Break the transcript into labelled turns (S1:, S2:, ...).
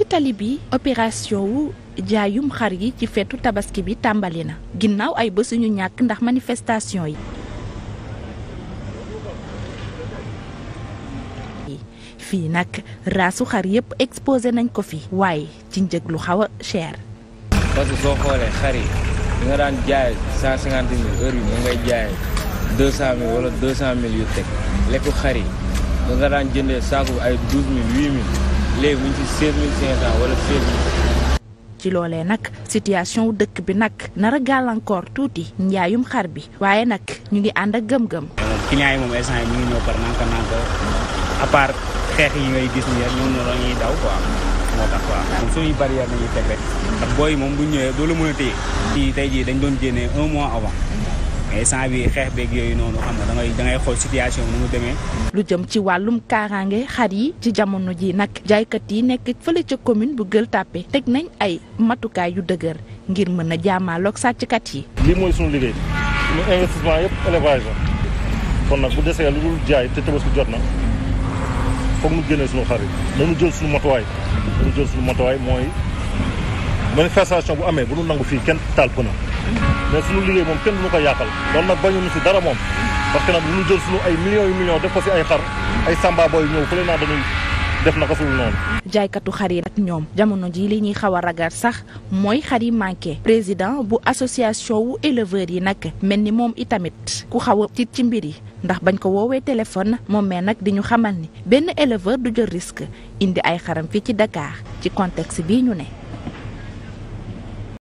S1: ci tali bi opération wu jaayum xar yi ci feetu tabaski bi tàmbali na ginnaaw ay bés ñu ñàkk ndax manifestation yi. fii nag rasu xar yëpp exposé nañ ko fi waaye ci njëg lu xaw a cher.
S2: parce que soo xoolee xar yi di nga daan jaay cent cinquante mille heure yi mu ngay jaay deux cent mille wala deux yu teg lekku xar yi nga daan jëndee saako ay douze léegi mu ngi ci 16500 wala
S1: ci loolee nag situation wu dëkk bi nag nara gàllankoor tuuti njaayum xar bi waaye nag ñu ngi ànd ak gëm-gëm.
S2: Euh, client yi moom instant yi ñu ngi ñëw par nanka nanka à xeex yi ngay gis nii rek ñoom noonu la ñuy daw quoi moo tax quoi. moom suñuy barrière nañuy teg rek. ndax booy moom bu ñëwee doo la mën tey jii dañ doon génne un mois avant. mais sant bi xeex beeg yooyu noonu xam nga da xool situation bi mu demee.
S1: lu jëm ci wàllum kaaraange xar yi ci jamono ji nag jaaykat yi nekk fële ca commune bu Gueule Tapée teg nañ ay matukaay yu dëgër ngir mën a jaamaaloog sàcckat yi.
S3: lii mooy suñu liggéey suñu investissement yëpp élevage kon nag bu desee lu dul jaay te tabaski jot na foog mu génnee suñu xar yi dañu jël suñu jël suñu matuwaay mooy manifestation bu amee bu nu nangu fii kenn taal pëna mais suñu liggéey moom kenn duñu ko yàqal loolu nag bañu ñu si dara moom parce que nag ñu jël suñu ay millions yu millions def ko si ay xar ay samba boy ñëw fële naa dañuy def naka suñu noonu
S1: jaaykatu xar yi nag ñoom jamono ji li ñuy xaw a ragal sax mooy xari yi manqué président bu association wu éleveurs yi nag mel ni moom itamit ku xaw a tiit ci mbir yi ndax bañ ko woowee téléphone moom mee nag di ñu xamal ni benn éleveur du jël risque indi ay xaram fii ci Dakar ci contexte bii ñu ne